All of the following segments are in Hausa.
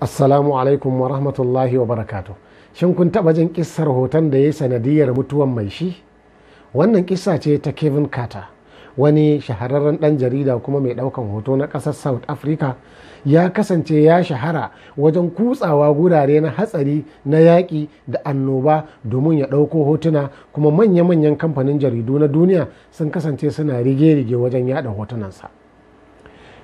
assalamu alaikum wa rahmatullahi wa barakatu shin kun taba jin kissar hoton da ya sanadiyar mutuwan mai shi wannan kissa ce ta kevin carter wani shahararren dan jarida kuma mai daukan hoto na kasar south africa ya kasance ya shahara wajen kutsawa gurare na hatsari na yaƙi da annoba domin ya ɗauko hotuna kuma manya-manyan kamfanin jaridu na duniya sun kasance suna rige-rige wajen yada hotunansa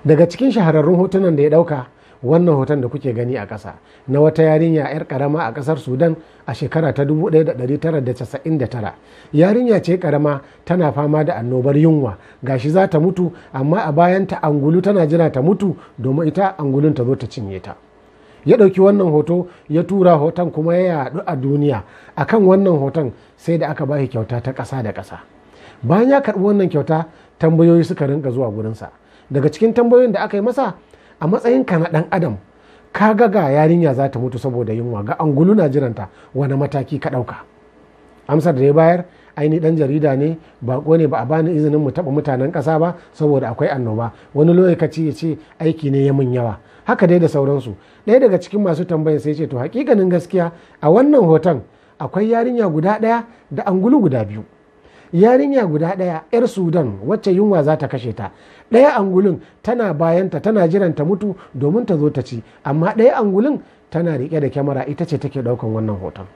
daga cikin shahararrun hotunan da ya ɗauka wannan hoton da kuke gani a ƙasa na wata yarinya 'yar ƙarama a ƙasar sudan a shekara ta 1999 yarinya ce ƙarama tana fama da annobar yunwa gashi za ta mutu amma a bayanta angulu tana jira ta mutu domin ita angulun ta zo ta cinye ta ya ɗauki wannan hoto ya tura hoton kuma ya yaɗu a duniya a kan wannan hoton sai da aka bashi kyauta ta ƙasa da ƙasa bayan ya karɓi wannan kyauta tambayoyi suka rinka zuwa gurinsa daga cikin tambayoyin da aka yi masa a matsayin ka na dan adam ka ga ga yarinya za ta mutu saboda yunwa ga angulu na jiranta wani mataki ka dauka. amsar da ya bayar aini dan jarida ne ba ne ba a bani izinin mu taɓa mutanen ƙasa ba saboda akwai annoba wani lokaci ya ce aiki ne ya mun yawa haka dai da sauransu ɗaya daga cikin masu tambayan sai ce to hakikanin gaskiya a wannan hoton akwai yarinya guda ɗaya da angulu guda biyu yarinya guda ɗaya 'yar sudan wacce yunwa za ta kashe ta ɗaya angulun tana bayanta tana jiran ta mutu domin ta zo ta ci amma ɗaya angulun tana riƙe da kyamara ita ce take ɗaukan wannan hoton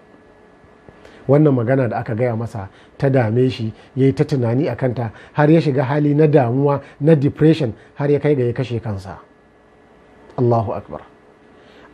wannan magana da aka gaya masa ta dame shi ya yi ta tunani a kanta har ya shiga hali na damuwa na depression har ya kai ga ya kashe kansa allahu akbar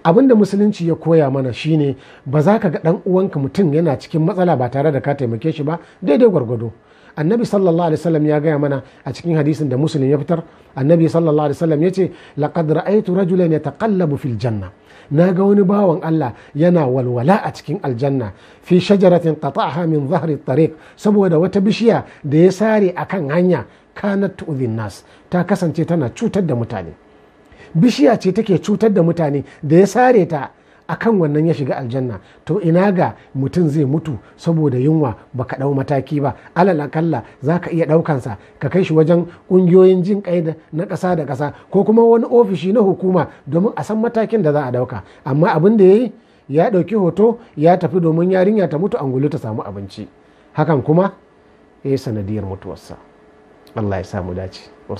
abin da musulunci ya koya mana shine ba za ka ga dan uwanka mutum yana cikin matsala ba tare da ka taimake shi ba daidai gwargwado annabi sallallahu alaihi wasallam ya gaya mana a cikin hadisin da musulun ya fitar annabi sallallahu alaihi wasallam ya ce laqad ra'aytu rajulan yataqallabu fil janna na ga wani bawan Allah yana walwala a cikin aljanna fi shajaratin qata'aha min at tariq saboda wata bishiya da ya sare akan hanya kanat tu'dhin nas ta kasance tana cutar da mutane bishiya ce take cutar da mutane da ya sare ta a kan wannan ya shiga aljanna to ina ga mutum zai mutu saboda yunwa ba ka ɗau mataki ba alal akalla za ka iya ɗaukansa ka kai shi wajen ƙungiyoyin jin ƙai na ƙasa da ƙasa ko kuma wani ofishi na hukuma domin a san matakin da za a ɗauka amma abin da ya yi ya ɗauki hoto ya tafi domin yarinya ta mutu angulu ta samu abinci hakan kuma ya eh, sanadiyar mutuwarsa allah ya samu dace